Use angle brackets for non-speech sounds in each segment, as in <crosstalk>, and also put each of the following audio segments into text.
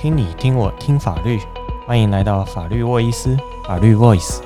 聽你，聽我，聽法律，歡迎來到法律沃伊斯，法律 Voice。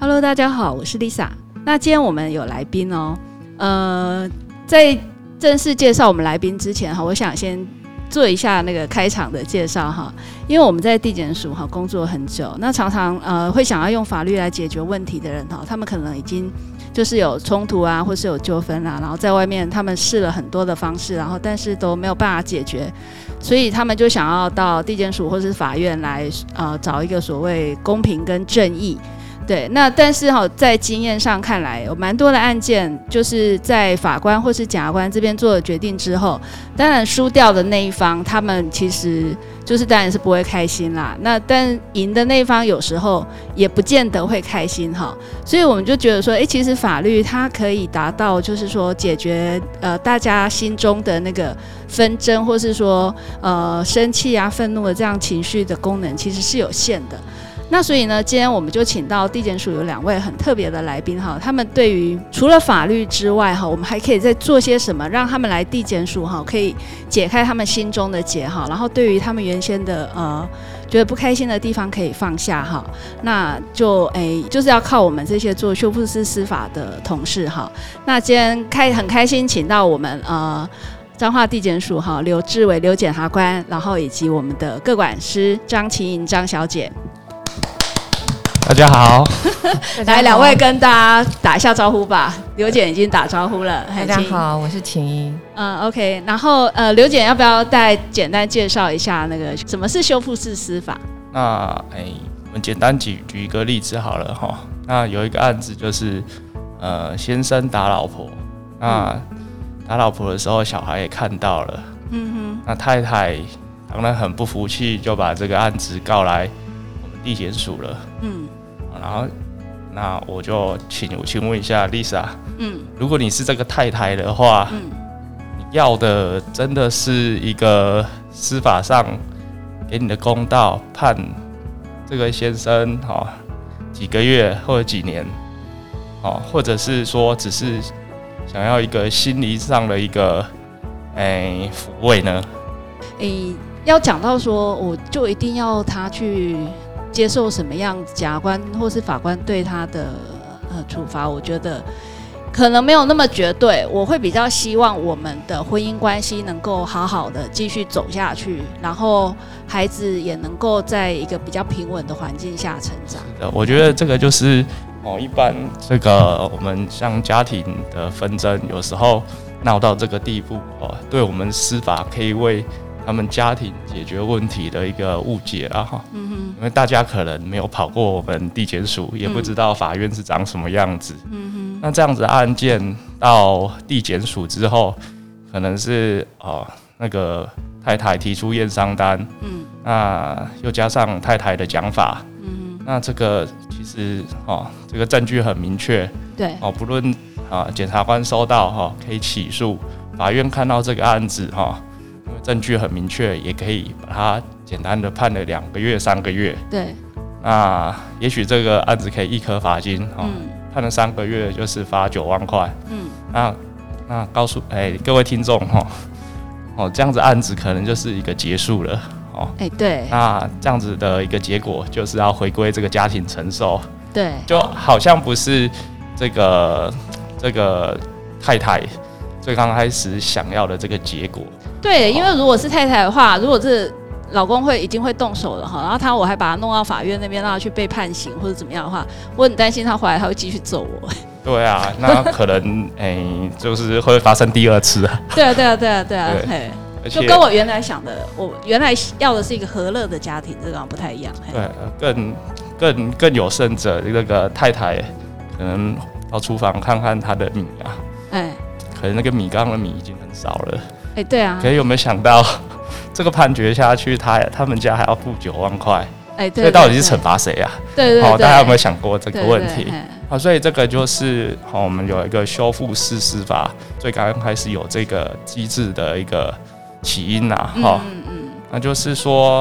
Hello，大家好，我是 Lisa。那今天我們有來賓哦。呃，在正式介紹我們來賓之前哈，我想先。做一下那個開場的介紹哈，因為我們在地檢署哈工作很久，那常常呃會想要用法律來解決問題的人哈，他們可能已經就是有衝突啊，或是有糾紛啊，然後在外面他們試了很多的方式，然後但是都沒有辦法解決，所以他們就想要到地檢署或是法院來呃找一個所謂公平跟正義。對，那但是哈，在經驗上看來，有蠻多的案件，就是在法官或是檢察官這邊做了決定之後，當然輸掉的那一方，他們其實就是當然是不會開心啦。那但贏的那一方有時候也不見得會開心哈。所以我們就覺得說，誒、欸，其實法律它可以達到，就是說解決呃大家心中的那個紛爭，或是說呃生氣啊、憤怒的這樣情緒的功能，其實是有限的。那所以呢，今天我們就請到地檢署有兩位很特別的來賓哈，他們對於除了法律之外哈，我們還可以再做些什麼，讓他們來地檢署哈，可以解開他們心中的結哈，然後對於他們原先的呃覺得不開心的地方可以放下哈。那就哎、欸，就是要靠我們這些做修復式司法的同事哈。那今天開很開心，請到我們呃彰化地檢署哈劉智偉劉檢察官，然後以及我們的個管師張晴瀅張小姐。大家好， <laughs> 來兩位跟大家打一下招呼吧。劉姐已經打招呼了， <laughs> 呼了大家好，請我是晴瀅。嗯，OK。然後呃，劉姐要不要再簡單介紹一下那個什麼是修復式司法？那哎、欸，我們簡單舉舉一個例子好了哈。那有一個案子就是呃，先生打老婆，那打老婆的時候小孩也看到了，嗯哼。那太太當然很不服氣，就把這個案子告來我們地檢署了，嗯。好，那我就請我請問一下 Lisa，嗯，如果你是這個太太的話，嗯，你要的真的是一個司法上給你的公道，判這個先生好、哦、幾個月或者幾年，哦，或者是說只是想要一個心理上的一個哎撫慰呢？誒、欸，要講到說，我就一定要他去。接受什麼樣檢察官，或是法官對他的呃處罰，我覺得可能沒有那麼絕對。我會比較希望我們的婚姻關係能夠好好的繼續走下去，然後孩子也能夠在一個比較平穩的環境下成長。我覺得這個就是哦，一般這個我們像家庭的紛爭，有時候鬧到這個地步，哦，對我們司法可以為。他們家庭解決問題的一個誤解啊，哈，因為大家可能沒有跑過我們地檢署，也不知道法院是長什麼樣子。嗯，那這樣子案件到地檢署之後，可能是哦那個太太提出驗傷單，嗯，那又加上太太的講法，嗯，那這個其實哦這個證據很明確，對，哦不論啊檢察官收到哈可以起訴，法院看到這個案子哈，證據很明確，也可以把它簡單的判了兩個月、三個月。對。那也許這個案子可以一科罰金哦，嗯、判了三個月就是罰九萬塊。嗯。那那告訴哎、欸、各位聽眾哦，哦、喔喔、這樣子案子可能就是一個結束了哦。哎、喔欸，對。那這樣子的一個結果就是要回歸這個家庭承受。對。就好像不是這個這個太太最剛開始想要的這個結果。對，因為如果是太太的話，如果是老公會已經會動手了哈，然後他我還把他弄到法院那邊，讓他去被判刑或者怎麼樣的話，我很擔心他回來她會繼續揍我。對啊，那可能誒、 <laughs> 欸，就是會發生第二次對啊。啊對，啊、對啊，對啊，對啊，對啊，嘿，且就跟我原來想的，我原來要的是一個和樂的家庭，這個不太一樣。對，更更更有甚者，那個太太可能到廚房看看他的米啊，哎、欸，可能那個米缸的米已經很少了。哎、欸，對啊，可是有沒有想到這個判決下去他，他他們家還要付九萬塊？哎、欸，對，對，對，所以到底是懲罰誰啊？對對對、喔，大家有沒有想過這個問題？好、喔，所以這個就是，好、喔，我們有一個修復式司法，最剛剛開始有這個機制的一個起因啊，哈、喔嗯，嗯嗯，那就是說，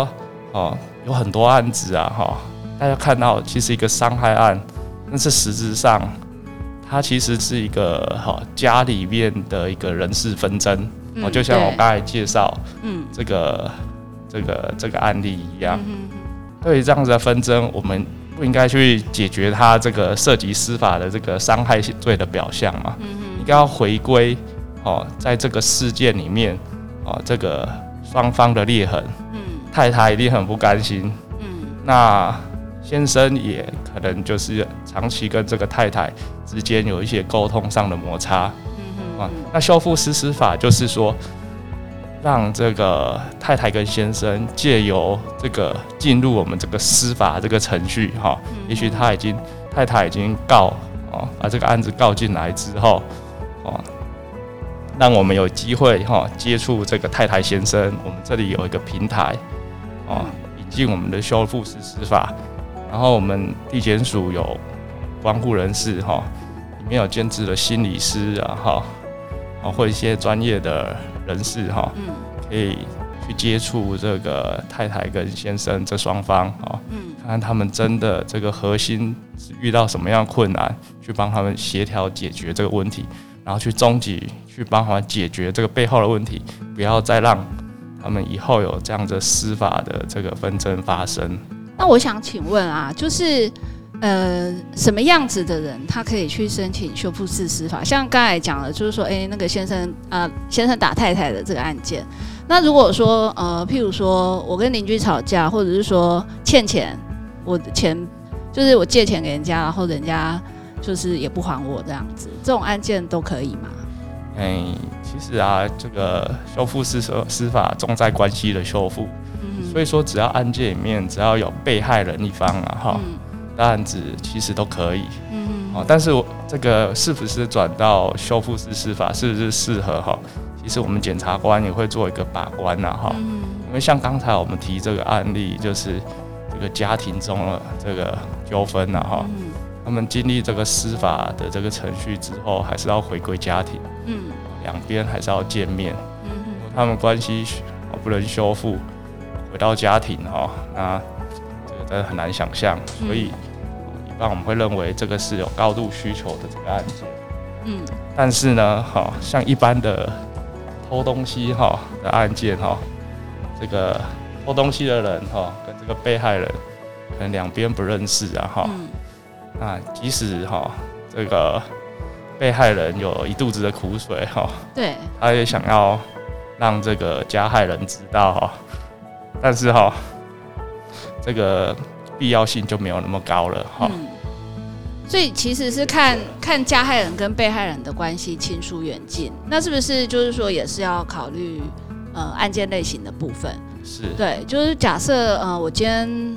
哦、喔，有很多案子啊，哈、喔，大家看到其實一個傷害案，但是實質上，它其實是一個哈、喔、家裡面的一個人事紛爭。就像我剛才介紹，嗯，這個、這個、這個案例一樣，嗯，對於這樣子的紛爭，我們不應該去解決它這個涉及司法的這個傷害罪的表象嘛，嗯，應該要回歸哦，在這個事件裡面，哦，這個雙方的裂痕，嗯，太太一定很不甘心，嗯，那先生也可能就是長期跟這個太太之間有一些溝通上的摩擦。嗯啊、那修復式司法就是說，讓這個太太跟先生借由這個進入我們這個司法這個程序哈、啊，也許他已經太太已經告哦、啊，把這個案子告進來之後、啊、讓我們有機會哈、啊、接觸這個太太先生，我們這裡有一個平台啊，引進我們的修復式司法，然後我們地檢署有觀護人室哈、啊，裡面有兼職的心理師啊哈。啊或一些專業的人士哈，可以去接觸這個太太跟先生這雙方嗯，看看他們真的這個核心是遇到什麼樣困難，去幫他們協調解決這個問題，然後去終極去幫忙解決這個背後的問題，不要再讓他們以後有這樣的司法的這個紛爭發生。那我想請問啊，就是。呃，什麼樣子的人他可以去申請修復式司法？像剛才講的就是說，哎、欸，那個先生啊、呃，先生打太太的這個案件，那如果說呃，譬如說我跟鄰居吵架，或者是說欠錢，我的錢就是我借錢給人家，然後人家就是也不還我這樣子，這種案件都可以嗎？哎、欸，其實啊，這個修復式司司法重在關係的修復，嗯、哼所以說只要案件裡面只要有被害人一方啊，哈、嗯。齁案子其實都可以，嗯哼，哦，但是我這個是不是轉到修復式司法，是不是適合哈？其實我們檢察官也會做一個把關吶，哈、嗯哼，因為像剛才我們提這個案例，就是這個家庭中的這個糾紛吶，哈、嗯哼，他們經歷這個司法的這個程序之後，還是要回歸家庭，嗯哼，兩邊還是要見面，嗯哼他們關係不能修復，回到家庭哦，那。真的很難想象，所以一般我們會認為這個是有高度需求的這個案件。嗯。但是呢，好、哦、像一般的偷東西哈、哦、的案件哈、哦，這個偷東西的人哈、哦、跟這個被害人可能兩邊不認識啊哈。哦、嗯。啊，即使哈、哦、這個被害人有一肚子的苦水哈，哦、對。他也想要讓這個加害人知道哈、哦，但是哈。哦這個必要性就沒有那麼高了，哈，哦，嗯，所以其實是看看加害人跟被害人的關係親疏遠近，那是不是就是說也是要考慮呃案件類型的部分？是，對，就是假設呃我今天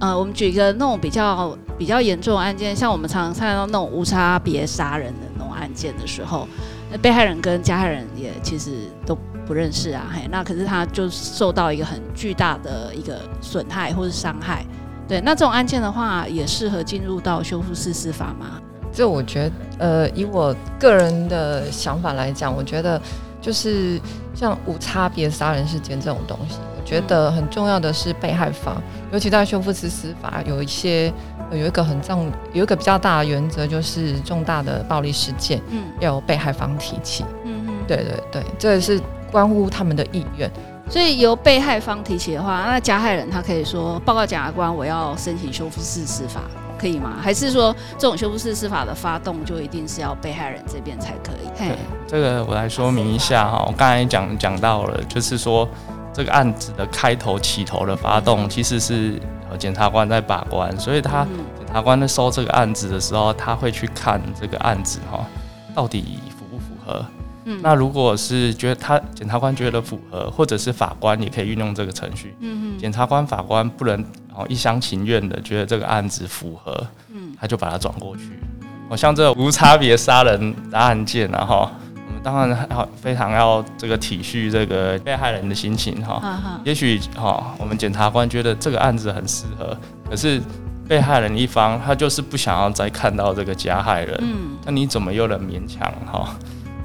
呃我們舉一個那種比較比較嚴重的案件，像我們常常看到那種無差別殺人的那種案件的時候，那被害人跟加害人也其實都不認識啊，嘿。那可是他就受到一個很巨大的一個損害或是傷害。對，那這種案件的話、啊，也適合進入到修復式司法嗎？這我覺得，呃，以我個人的想法來講，我覺得就是像無差別殺人事件這種東西，我覺得很重要的是被害方，嗯、尤其在修復式司法，有一些有一個很重，有一個比較大的原則，就是重大的暴力事件，嗯，要有被害方提起。嗯嗯哼，對對對，這是。關乎他們的意願，所以由被害方提起的話，那加害人他可以說報告檢察官，我要申請修復式司法，可以嗎？還是說這種修復式司法的發動就一定是要被害人這邊才可以？嘿對，這個我來說明一下哈。我剛、哦、才講講到了，就是說這個案子的開頭起頭的發動，其實是呃檢察官在把關，所以他檢察官在收這個案子的時候，他會去看這個案子哈、哦，到底符不符合。那如果是覺得他檢察官覺得符合，或者是法官也可以運用這個程序。嗯嗯哼。檢察官、法官不能哦一廂情願地覺得這個案子符合，嗯，他就把它轉過去。好像這無差別殺人的案件，啊，哈，我們當然要非常要這個體恤這個被害人的心情哈。好好，也許哈，我們檢察官覺得這個案子很適合，可是被害人一方他就是不想要再看到這個加害人。嗯。那你怎麼又能勉強哈、啊？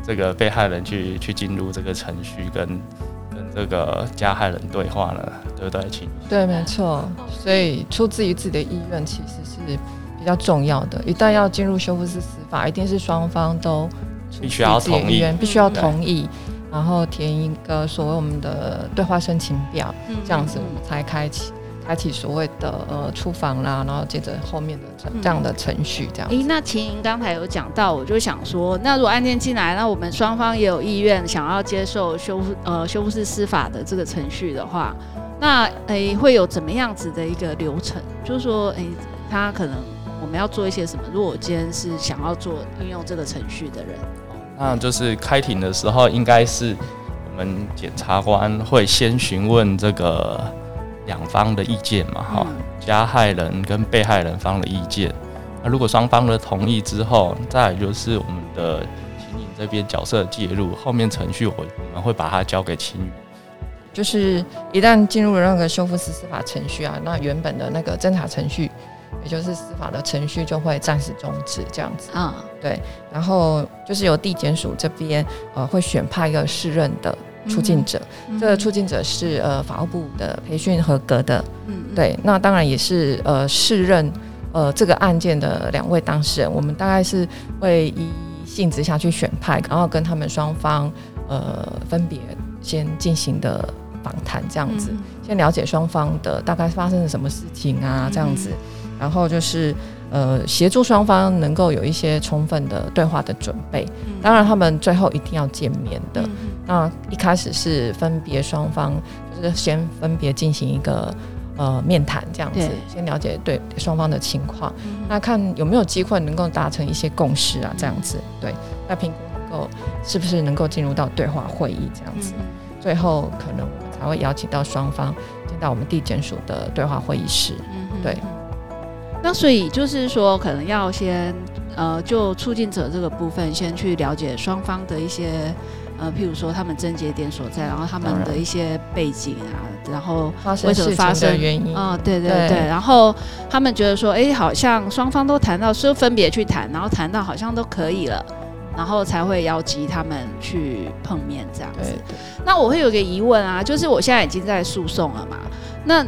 這個被害人去去進入這個程序跟、跟跟這個加害人對話了。對不對，晴？對，沒錯。所以出自於自己的意願，其實是比較重要的。一旦要進入修復式司法，一定是雙方都出自自己的意願，必須要同意，然後填一個所謂我們的對話申請表，這樣子才開啟。開啟所謂的呃出房啦、啊，然後接着後面的這樣的程序這樣。咦、嗯嗯嗯欸，那晴瀅剛才有講到，我就想說，那如果案件進來，那我們雙方也有意願想要接受修呃修復式司法的這個程序的話，那誒、欸、會有怎麼樣子的一個流程？就是說，誒、欸、他可能我們要做一些什麼？如果我今天是想要做運用這個程序的人，哦、那就是開庭的時候，應該是我們檢察官會先詢問這個。兩方的意見嘛，哈、嗯，加害人跟被害人方的意見。那如果雙方的同意之後，再就是我們的晴瀅這邊角色介入，後面程序我我們會把它交給晴瀅。就是一旦進入了那個修復式司法程序啊，那原本的那個偵查程序，也就是司法的程序就會暫時終止，這樣子。啊、嗯，對。然後就是由地檢署這邊呃，會選派一個適任的。促進者，嗯嗯、這個促進者是呃法務部的培訓合格的，嗯哼，對，那當然也是呃適任呃這個案件的兩位當事人，我們大概是會依性質下去選派，然後跟他們雙方呃分別先進行的訪談，這樣子，嗯、哼先了解雙方的大概發生了什麼事情啊，嗯、哼這樣子，然後就是。呃，協助雙方能夠有一些充分的對話的準備，嗯、當然他們最後一定要見面的。嗯、那一開始是分別雙方，就是先分別進行一個呃面談這樣子，對先了解對雙方的情況，嗯、那看有沒有機會能夠達成一些共識啊，這樣子。嗯、對，那評估能夠是不是能夠進入到對話會議這樣子，嗯、最後可能才會邀請到雙方進到我們地檢署的對話會議室，嗯、對。嗯.那所以就是說，可能要先，呃，就促進者這個部分先去了解雙方的一些，呃，譬如說他們症結點所在，然後他們的一些背景啊，然後為什麼發生，發生的原因啊、呃，對對對，對，對，然後他們覺得說，哎、欸，好像雙方都談到說分別去談，然後談到好像都可以了，然後才會邀集他們去碰面這樣子。對那我會有一個疑問啊，就是我現在已經在訴訟了嘛，那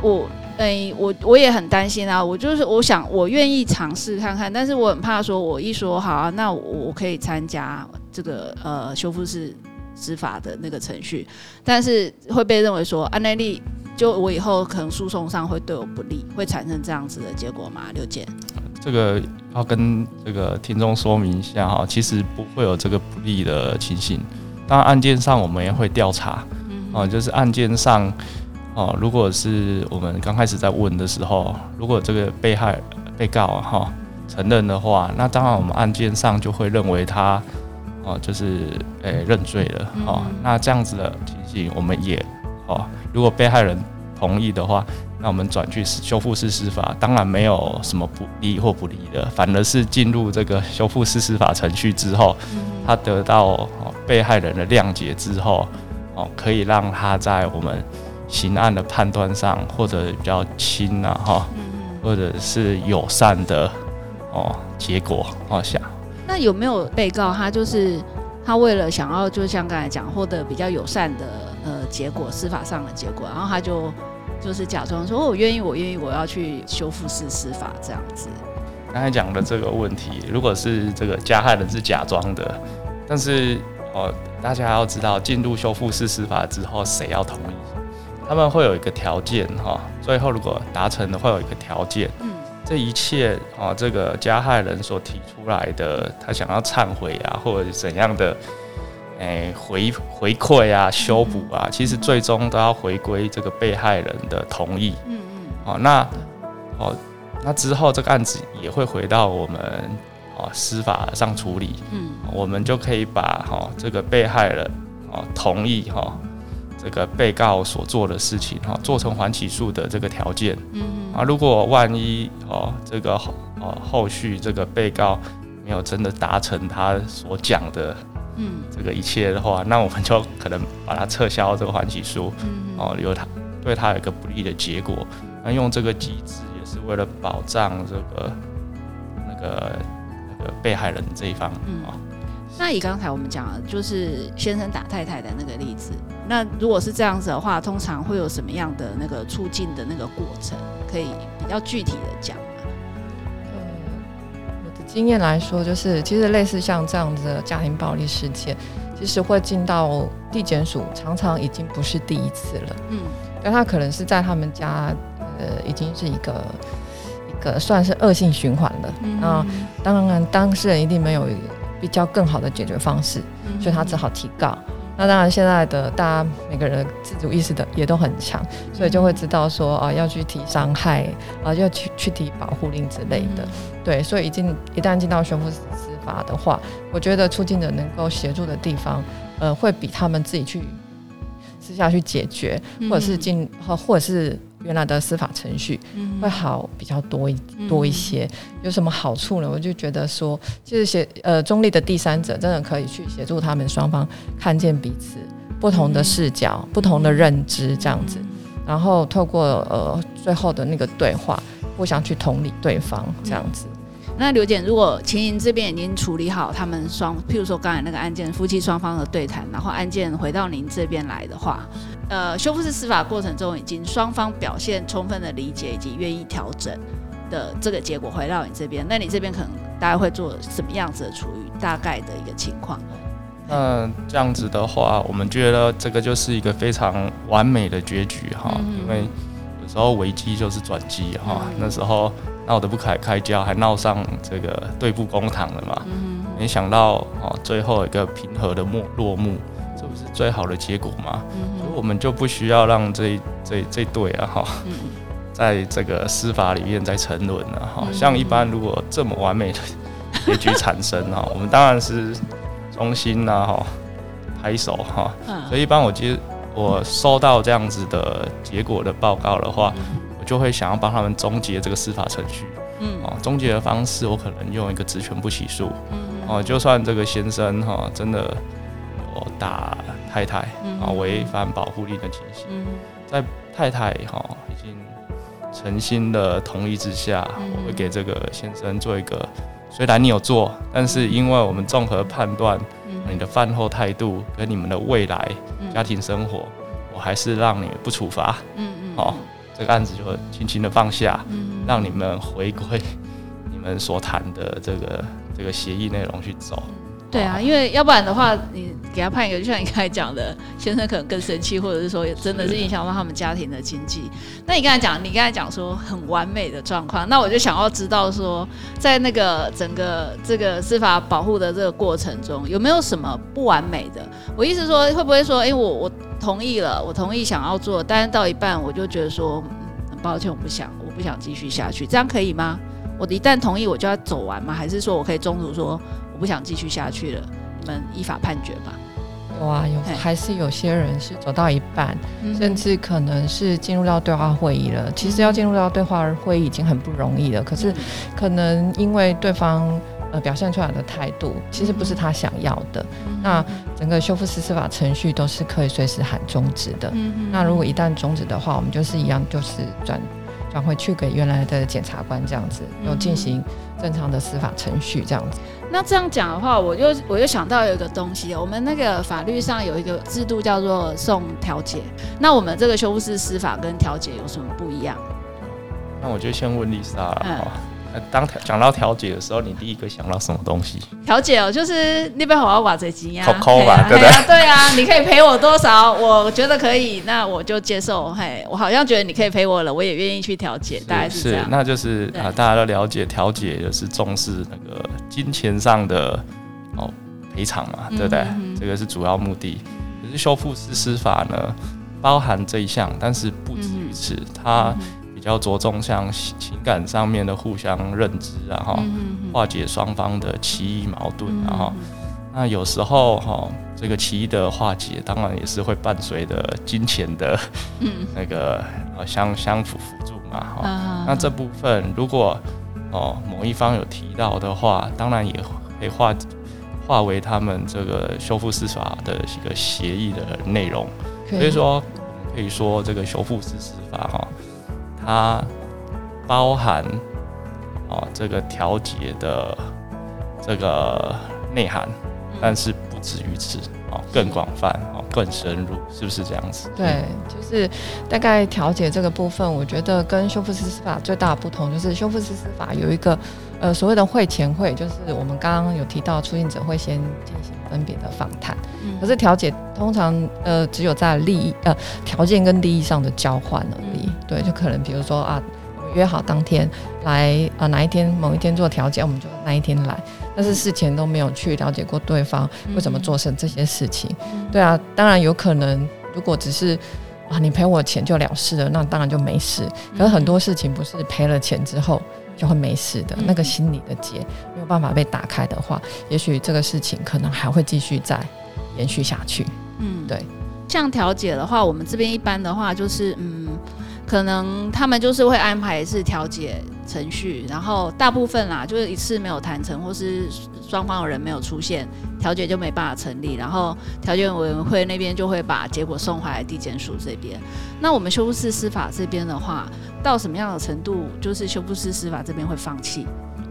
我。誒，我我也很擔心啊！我就是我想，我願意嘗試看看，但是我很怕說，我一說好啊，那我，我可以參加這個呃修復式司法的那個程序，但是會被認為說安內力。就我以後可能訴訟上會對我不利，會產生這樣子的結果嗎？劉檢，這個要跟這個聽眾說明一下哈，其實不會有這個不利的情形。當然案件上我們也會調查，哦、嗯啊，就是案件上。哦，如果是我們剛開始在問的時候，如果這個被害被告哈、哦、承認的話，那當然我們案件上就會認為他哦，就是誒、欸、認罪了哦，嗯、那這樣子的情形，提醒我們也哦，如果被害人同意的話，那我們轉去修復式司法，當然沒有什麼不利或不利的，反而是進入這個修復式司法程序之後，嗯、他得到、哦、被害人的諒解之後，哦，可以讓他在我們。刑案的判斷上，或者比較輕吶，哈，或者是友善的哦，結果我、哦、想，那有沒有被告他就是他為了想要，就像剛才講，獲得比較友善的呃結果，司法上的結果，然後他就就是假裝說、哦、我願意，我願意，我要去修復式司法這樣子。剛才講的這個問題，如果是這個加害人是假裝的，但是哦，大家要知道進入修復式司法之後，誰要同意？他們會有一個條件，哈，最後如果達成的會有一個條件，嗯、這一切啊，這個加害人所提出來的，他想要懺悔啊，或者怎樣的，誒、欸，回回饋啊，修補啊，嗯、其實最終都要回歸這個被害人的同意，嗯嗯，哦、嗯，那哦，那之後這個案子也會回到我們哦司法上處理，嗯，我們就可以把哈這個被害人哦同意哈。這個被告所做的事情哈，做成緩起訴的這個條件，嗯，啊，如果萬一哦，這個哦後續這個被告沒有真的達成他所講的，嗯，這個一切的話，嗯、那我們就可能把它撤銷這個緩起訴，嗯，嗯哦，留他對他有一個不利的結果。那、嗯、用這個機制也是為了保障這個那個那個被害人這一方啊。嗯那以剛才我們講的就是先生打太太的那個例子，那如果是這樣子的話，通常會有什麼樣的那個促進的那個過程？可以比較具體的講嗎？呃、嗯，我的經驗來說，就是其實類似像這樣子的家庭暴力事件，其實會進到地檢署，常常已經不是第一次了。嗯，但他可能是在他們家，呃，已經是一個一個算是惡性循環了。啊、嗯嗯，然後當然當事人一定沒有。比較更好的解決方式，所以他只好提告。嗯、哼那當然，現在的大家每個人自主意識的也都很強，所以就會知道說啊、呃，要去提傷害啊、呃，要去去提保護令之類的。嗯、哼對，所以已經一旦進到修復式司法的話，我覺得促進者能夠協助的地方，呃，會比他們自己去私下去解決，或者是進，或者是。原來的司法程序會好比較多一、嗯、多一些，有什麼好處呢？我就覺得說，就是寫呃中立的第三者真的可以去協助他們雙方看見彼此不同的視角、嗯、不同的認知這樣子，然後透過呃最後的那個對話，互相去同理對方這樣子。嗯、那劉檢，如果晴瀅這邊已經處理好他們雙，譬如說剛才那個案件夫妻雙方的對談，然後案件回到您這邊來的話。呃，修復式司法過程中已經雙方表現充分的理解以及願意調整的這個結果回到你這邊，那你這邊可能大概會做什麼樣子的處理？大概的一個情況？那這樣子的話，我們覺得這個就是一個非常完美的結局哈、啊，嗯哼，因為有時候危機就是轉機哈。嗯哼，那時候鬧得不可開交，還鬧上這個對簿公堂了嘛，嗯哼，沒想到哦，最後一個平和的幕落幕。這不是最好的結果嗎？嗯、哼所以，我們就不需要讓這這這對啊哈，嗯、在這個司法裡面再沉淪了、啊。哈、嗯哼。像一般如果這麼完美的結局產生哈、 <laughs> 啊，我們當然是衷心吶、啊、哈，拍手哈。啊啊、所以，一般我接我收到這樣子的結果的報告的話，嗯、哼我就會想要幫他們終結這個司法程序。嗯、啊、終結的方式我可能用一個職權不起訴。哦、嗯哼啊，就算這個先生哈、啊、真的。打太太啊，違反保護令的情形，嗯、哼在太太哈已經誠心的同意之下，嗯、哼我會給這個先生做一個，雖然你有做，但是因為我們綜合判斷，嗯、哼你的犯後態度跟你們的未來、嗯、哼家庭生活，我還是讓你不處罰，嗯嗯哼，好、哦，這個案子就輕輕的放下，嗯、哼讓你們回歸你們所談的這個這個協議內容去走。對啊，因為要不然的話，你給他判一個，就像你剛才講的，先生可能更生氣，或者是說也真的是影響到他們家庭的經濟。那你剛才講，你剛才講說很完美的狀況，那我就想要知道說，在那個整個這個司法保護的這個過程中，有沒有什麼不完美的？我意思說，會不會說，哎，欸，我我同意了，我同意想要做，但是到一半我就覺得說，嗯，很抱歉，我不想，我不想繼續下去，這樣可以嗎？我一旦同意，我就要走完嗎？還是說我可以中途說？我不想繼續下去了，你們依法判決吧。哇，有嘿還是有些人是走到一半，嗯、甚至可能是進入到對話會議了。嗯、其實要進入到對話會議已經很不容易了，可是可能因為對方呃表現出來的態度，其實不是他想要的。嗯、哼那整個修復式司法程序都是可以隨時喊終止的。嗯、哼那如果一旦終止的話，我們就是一樣，就是轉。返回去給原來的檢察官，這樣子，然後進行正常的司法程序，這樣子。嗯、哼那這樣講的話，我就我又想到有一個東西，我們那個法律上有一個制度叫做送調解。那我們這個修復式司法跟調解有什麼不一樣？那我就先問麗莎了當講到調解的時候，你第一個想到什麼東西？調解哦、喔，就是那邊好挖賊金呀，摳摳吧，啊啊、對不對，對,對、啊？對啊， <laughs> 你可以賠我多少？我覺得可以，那我就接受。嘿，我好像覺得你可以賠我了，我也願意去調解，是大概是是，是，那就是對啊，大家都了解，調解就是重視那個金錢上的哦賠償嘛，對不對？嗯哼嗯哼，這個是主要目的。可是修復式司法呢，包含這一項，但是不止於此，嗯、哼它。嗯要着重像情感上面的互相認知，啊，哈、嗯，化解雙方的歧異矛盾、啊，然後、嗯、哼那有時候哈、哦，這個歧異的化解當然也是會伴隨着金錢的，那個相、嗯、相輔輔助嘛哈。啊、那這部分如果哦某一方有提到的話，當然也可以化化為他們這個修復式司法的一個協議的內容。以所以說，我們可以說這個修復式司法哈、哦。它包含這個調解的這個內涵，但是不止於此，更廣泛，更深入，是不是這樣子？對，就是大概調解這個部分，我覺得跟修復式司法最大的不同就是，修復式司法有一個。呃，所謂的會前會，就是我們剛剛有提到，出庭者會先進行分別的訪談。嗯、可是調解通常，呃，只有在利益、呃條件跟利益上的交換而已。嗯、對，就可能比如說啊，我們約好當天來啊，哪一天某一天做調解，我們就哪一天來。但是事前都沒有去了解過對方為什麼做成、嗯嗯、這些事情。對啊，當然有可能，如果只是啊你賠我錢就了事了，那當然就沒事。可是很多事情不是賠了錢之後。嗯嗯就會沒事的。嗯、那個心裡的結沒有辦法被打開的話，也許這個事情可能還會繼續再延續下去。嗯，對。像調解的話，我們這邊一般的話就是，嗯，可能他們就是會安排是調解。程序，然後大部分啦、啊，就是一次沒有談成，或是雙方的人沒有出現，調解就沒辦法成立。然後調解委員會那邊就會把結果送回來地檢署這邊。那我們修復式司法這邊的話，到什麼樣的程度，就是修復式司法這邊會放棄？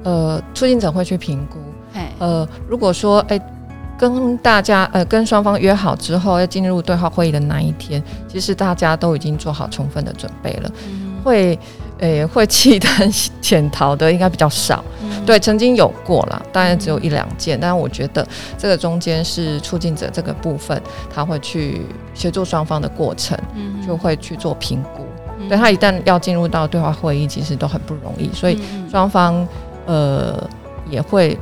呃，促進者會去評估。嘿呃，如果說，哎、欸，跟大家，呃，跟雙方約好之後要進入對話會議的那一天，其實大家都已經做好充分的準備了，嗯、會。誒、欸，會棄單潛逃的應該比較少，嗯、對，曾經有過啦，當然只有一兩件，嗯、但是我覺得這個中間是促進者這個部分，他會去協助雙方的過程，嗯、就會去做評估，嗯、對，他一旦要進入到對話會議，其實都很不容易，所以雙方呃，也會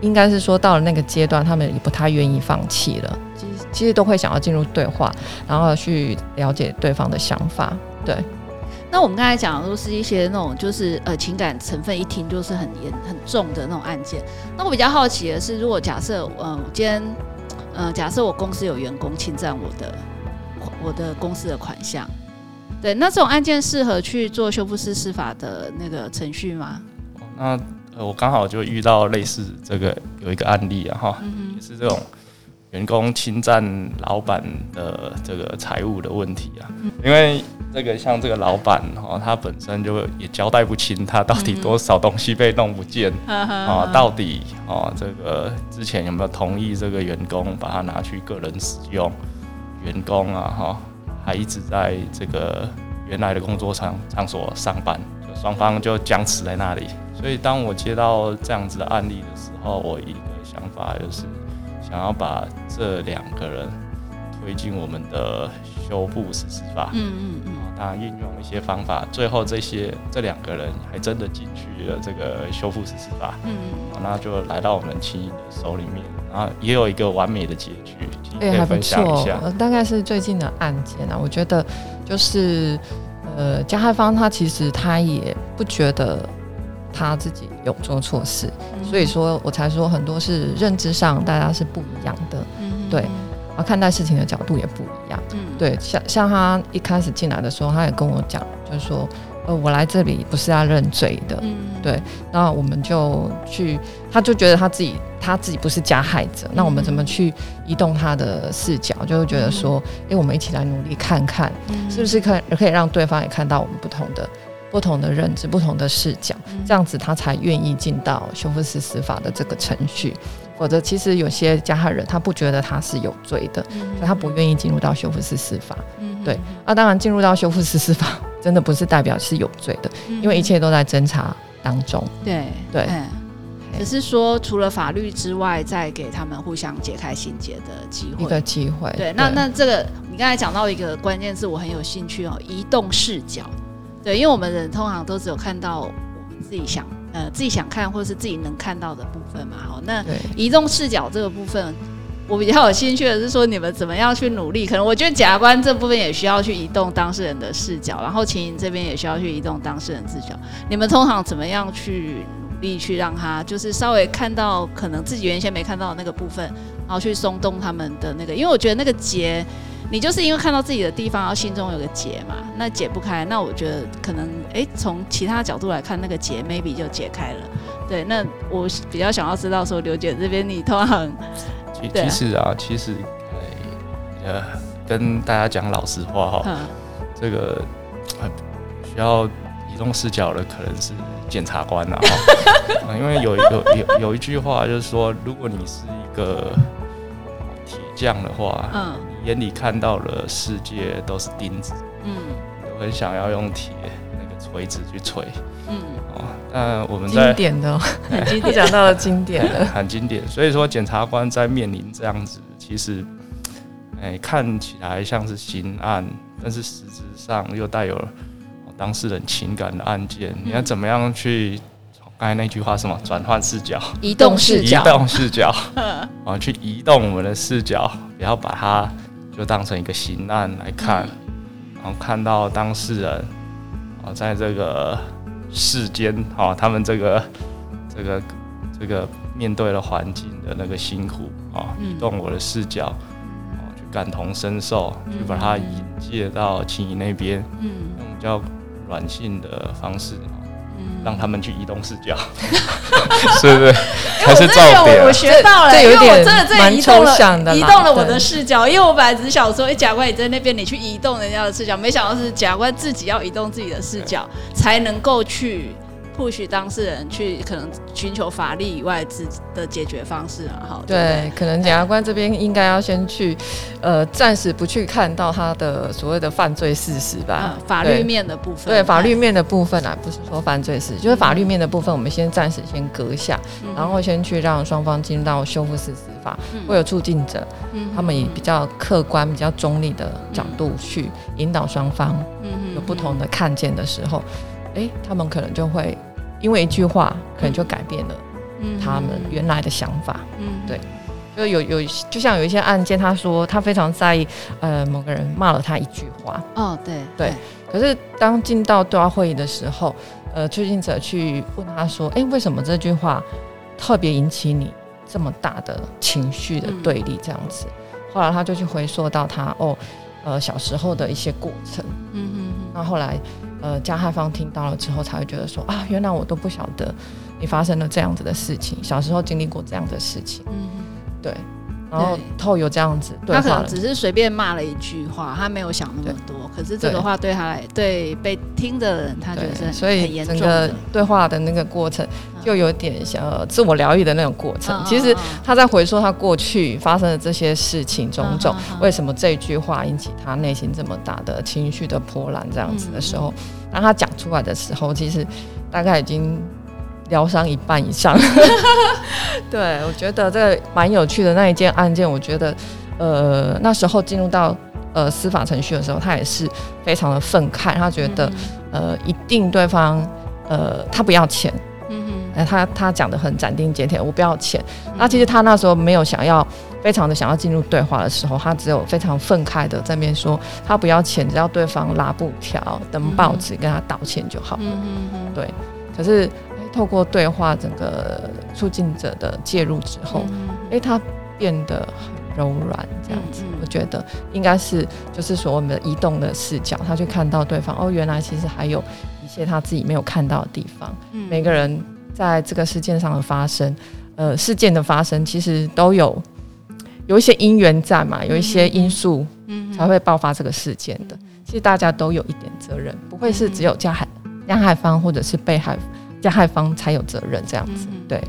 應該是說到了那個階段，他們也不太願意放棄了，其實其實都會想要進入對話，然後去了解對方的想法，對。那我們剛才講的都是一些那種就是呃情感成分，一聽就是很嚴很重的那種案件。那我比較好奇的是，如果假設嗯，呃、我今天嗯、呃，假設我公司有員工侵占我的我的公司的款項，對，那這種案件適合去做修復式司法的那個程序嗎？哦、那、呃、我剛好就遇到類似這個有一個案例啊，哈，嗯嗯也是這種。員工侵占老闆的這個財物的問題啊，因為這個像這個老闆哦，他本身就也交代不清，他到底多少東西被弄不見啊，到底哦、啊、這個之前有沒有同意這個員工把它拿去個人使用？員工啊哈，還一直在這個原來的工作場場所上班，就雙方就僵持在那裡。所以當我接到這樣子的案例的時候，我一個想法就是。想要把這兩個人推進我們的修復式司法，嗯嗯嗯，那運用一些方法，最後這些這兩個人還真的進去了這個修復式司法，嗯嗯，那就來到我們晴瀅的手裡面，然後也有一個完美的結局，分享一下、欸、還不錯，大概是最近的案件呢、啊，我覺得就是呃，加害方他其實他也不覺得。他自己有做錯事，嗯、所以說我才說很多是認知上大家是不一樣的，嗯、對，然後看待事情的角度也不一樣，嗯、對。像像他一開始進來的時候，他也跟我講，就是說，呃，我來這裡不是要認罪的，嗯、對。那我們就去，他就覺得他自己他自己不是加害者，嗯、那我們怎麼去移動他的視角？就會覺得說，哎、嗯欸，我們一起來努力看看，嗯、是不是可以可以讓對方也看到我們不同的。不同的認知、不同的視角，嗯、哼這樣子他才願意進到修復式司法的這個程序。否則，其實有些加害人他不覺得他是有罪的，嗯、哼所以他不願意進入到修復式司法。嗯、哼對，那、啊、當然進入到修復式司法，真的不是代表是有罪的，嗯、哼因為一切都在偵查當中。對對，對對只是說除了法律之外，再給他們互相解開心結的機會，一個機會。對，對那那這個你剛才講到一個關鍵字，我很有興趣哦，移動視角。對，因為我們人通常都只有看到我們自己想，呃，自己想看或者是自己能看到的部分嘛。好，那移動視角這個部分，我比較有興趣的是說你們怎麼樣去努力？可能我覺得檢察官這部分也需要去移動當事人的視角，然後晴瀅這邊也需要去移動當事人的視角。你們通常怎麼樣去努力去讓他就是稍微看到可能自己原先沒看到的那個部分，然後去鬆動他們的那個，因為我覺得那個結。你就是因為看到自己的地方，然後心中有個結嘛？那解不開，那我覺得可能哎，從、欸、其他角度來看，那個結 maybe 就解開了。對，那我比較想要知道說，劉姐這邊你通常、嗯、其、其實啊，啊其實、欸、呃，跟大家講老實話哈、哦，嗯、這個、呃、需要移動視角的可能是檢察官了、啊、哈、 <laughs> 嗯，因為有一個有有、有一句話就是說，如果你是一個鐵匠的話，嗯。眼裡看到的世界都是釘子，嗯，都很想要用鐵那個錘子去錘，嗯，哦、喔，那我們在經典的很經典講、欸、 <laughs> 到了經典的、欸、很經典。所以說，檢察官在面臨這樣子，其實，哎、欸，看起來像是刑案，但是實質上又帶有當事人情感的案件，嗯、你要怎麼樣去？剛才那句話是什麼？轉換視角，移動視角，移動視角， <laughs> 啊，去移動我們的視角，不要把它。就當成一個刑案來看，然後看到當事人，啊，在這個世間，啊，他們這個、這個、這個面對了環境的那個辛苦，啊、嗯，移動我的視角，嗯、去感同身受，嗯、去把它引借到青衣那邊，嗯，用比較軟性的方式。讓他們去移動視角， <laughs> 是不是？還是照點？ <laughs> 我學到了、欸，因為我真的這移動了，移動了我的視角。對 因為我本來只想說，哎，甲方你在那邊，你去移動人家的視角，沒想到是甲方自己要移動自己的視角，對 才能夠去。不許當事人去可能尋求法律以外之的解決方式，然後對，可能檢察官這邊應該要先去，呃，暫時不去看到他的所謂的犯罪事實吧，法律面的部分，對，法律面的部分啊，不是說犯罪事實，就是法律面的部分，我們先暫時先擱下，然後先去讓雙方進入到修復式司法，會有促進者，他們以比較客觀、比較中立的角度去引導雙方，有不同的看見的時候，哎，他們可能就會。因為一句話，可能就改變了他們原來的想法。嗯，嗯嗯對，就有有，就像有一些案件，他說他非常在意，呃，某個人罵了他一句話。哦，對，對。對可是當進到對話會議的時候，呃，促進者去問他說：“哎、欸，為什麼這句話特別引起你這麼大的情緒的對立？”這樣子，嗯、後來他就去回溯到他哦，呃，小時候的一些過程。嗯嗯，嗯嗯那後來。呃，加害方聽到了之後才會覺得說啊，原來我都不曉得你發生了這樣子的事情，小時候經歷過這樣的事情，嗯，對，然後透有這樣子對，他可能只是隨便罵了一句話，他沒有想那麼多，對可是這個話對他來，對，對被聽的人，他覺得是很嚴重的，所以整個對話的那個過程。就有點像、呃、自我療癒的那種過程。哦、其實他在回溯他過去發生的這些事情種種，哦、為什麼這句話引起他內心這麼大的情緒的波瀾？這樣子的時候，嗯、當他講出來的時候，其實大概已經療傷一半以上。嗯、 <laughs> 對我覺得這蠻有趣的那一件案件，我覺得呃那時候進入到呃司法程序的時候，他也是非常的憤慨，他覺得嗯嗯呃一定對方呃他不要錢。他他講的很斬釘截鐵，我不要錢。那其實他那時候沒有想要，非常的想要進入對話的時候，他只有非常憤慨的在那邊說，他不要錢，只要對方拉布條、登報紙跟他道歉就好了。嗯嗯對。可是、欸、透過對話整個促進者的介入之後，誒、欸，他變得很柔軟這樣子，我覺得應該是就是說我們移動的視角，他去看到對方哦，原來其實還有一些他自己沒有看到的地方。每個人。在這個事件上的發生，呃，事件的發生其實都有有一些因緣在嘛，嗯嗯有一些因素才會爆發這個事件的。嗯嗯其實大家都有一點責任，不會是只有加害加害方或者是被害加害方才有責任這樣子。對，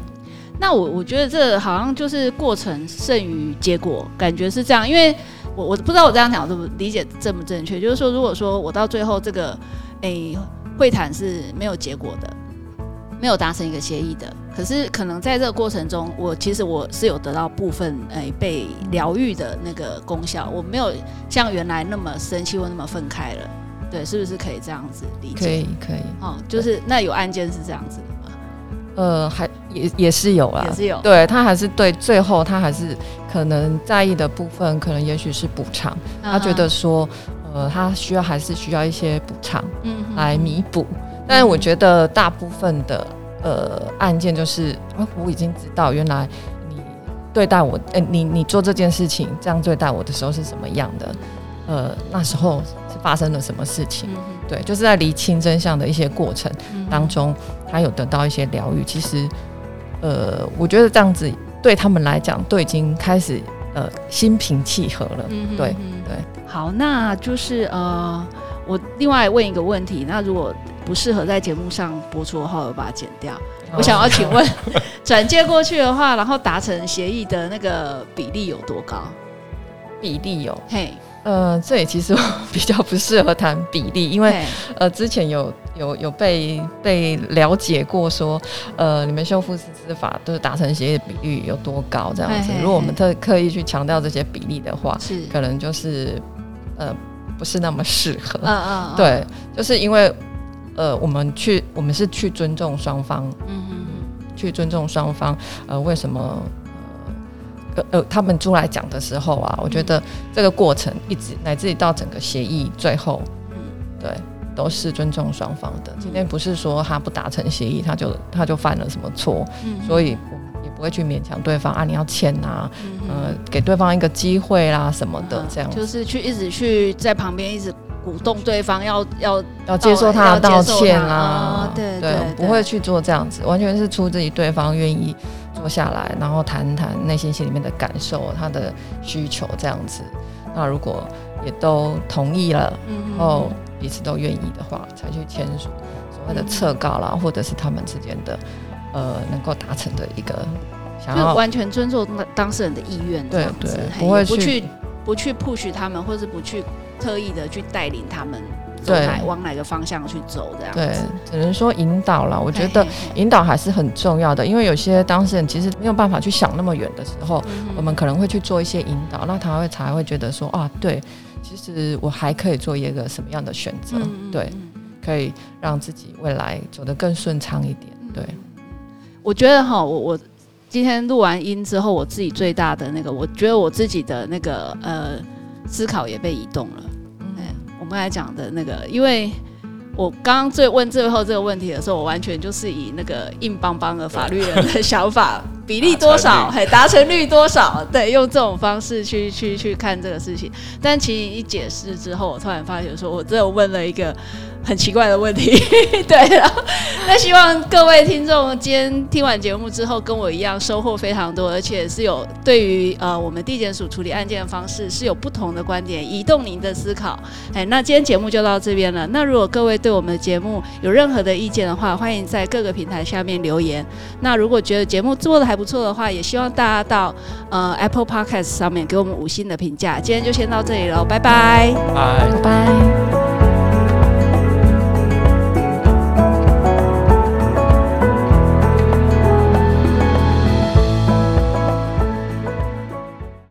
那我我覺得這好像就是過程勝於結果，感覺是這樣。因為我我不知道我這樣講，怎麼理解正不正確？就是說，如果說我到最後這個誒、欸、會談是沒有結果的。沒有達成一個協議的，可是可能在這個過程中，我其實我是有得到部分誒、呃、被療癒的那個功效，我沒有像原來那麼生氣或那麼憤慨了。對，是不是可以這樣子理解？可以，可以。哦，就是對那有案件是這樣子的嗎？呃，還也也是有啦，也是有。對他還是對最後他還是可能在意的部分，可能也許是補償。Uh huh、他覺得說，呃，他需要還是需要一些補償，嗯，來彌補。但我覺得大部分的呃案件，就是、啊，我已經知道原來你對待我，欸、你你做這件事情這樣對待我的時候是什麼樣的？呃，那時候是發生了什麼事情？嗯、哼對，就是在釐清真相的一些過程當中，嗯、哼他有得到一些療癒。其實，呃，我覺得這樣子對他們來講都已經開始呃心平氣和了。對、嗯、對，對好，那就是呃，我另外問一個問題，那如果。不適合在節目上播出的話，我把它剪掉。Oh. 我想要請問，轉介 <laughs> 過去的話，然後達成協議的那個比例有多高？比例有、哦、嘿，Hey. 呃，這也其實我比較不適合談比例，因為 Hey. 呃，之前有有有被被了解過說，呃，你們修復式司法就是達成協議的比例有多高這樣子。Hey. 如果我們特刻意去強調這些比例的話，Hey. 是可能就是呃不是那麼適合。嗯嗯，對，就是因為。呃，我們去，我們是去尊重雙方，嗯哼哼去尊重雙方。呃，為什麼呃呃，他們出來講的時候啊，嗯、我覺得這個過程一直，乃至於到整個協議最後，嗯，對，都是尊重雙方的。嗯、今天不是說他不達成協議，他就他就犯了什麼錯，嗯哼，所以也不會去勉強對方啊，你要簽啊，嗯哼、呃、給對方一個機會啦、啊、什麼的，這樣、嗯、就是去一直去在旁邊一直。鼓動對方要要要接受他的道歉啊，對、哦、對，對對不會去做這樣子，對完全是出自於對方願意坐下來，然後談談內心心裡面的感受，他的需求這樣子。那如果也都同意了，嗯、哼然後彼此都願意的話，才去簽署所謂的測告啦，嗯、哼或者是他們之間的呃能夠達成的一個想要就完全尊重當事人的意願，這樣子對對不會去不去不 u s h 他們，或是不去。特意的去帶領他們對，往哪個方向去走這樣子對，對，只能說引導了。我覺得引導還是很重要的，因為有些當事人其實沒有辦法去想那麼遠的時候，嗯哼，我們可能會去做一些引導，那他會才會覺得說啊，對，其實我還可以做一個什麼樣的選擇，嗯哼嗯哼，對，可以讓自己未來走得更順暢一點。對，我覺得哈，我我今天錄完音之後，我自己最大的那個，我覺得我自己的那個呃。思考也被移動了。哎，我們剛才講的那個，因為我剛剛問最後這個問題的時候，我完全就是以那個硬邦邦的法律人的想法，比例多少，哎 <laughs> 率，達成率多少，對，用這種方式去去去看這個事情。但其實一解釋之後，我突然發覺說，說我只有問了一個。很奇怪的問題，對。然後，那希望各位聽眾今天聽完節目之後，跟我一樣收穫非常多，而且是有對於呃我們地檢署處理案件的方式是有不同的觀點，移動您的思考。哎，那今天節目就到這邊了。那如果各位對我們的節目有任何的意見的話，歡迎在各個平台下面留言。那如果覺得節目做得還不錯的話，也希望大家到呃 Apple Podcast 上面給我們五星的評價。今天就先到這裡了，拜拜。拜拜 Bye.。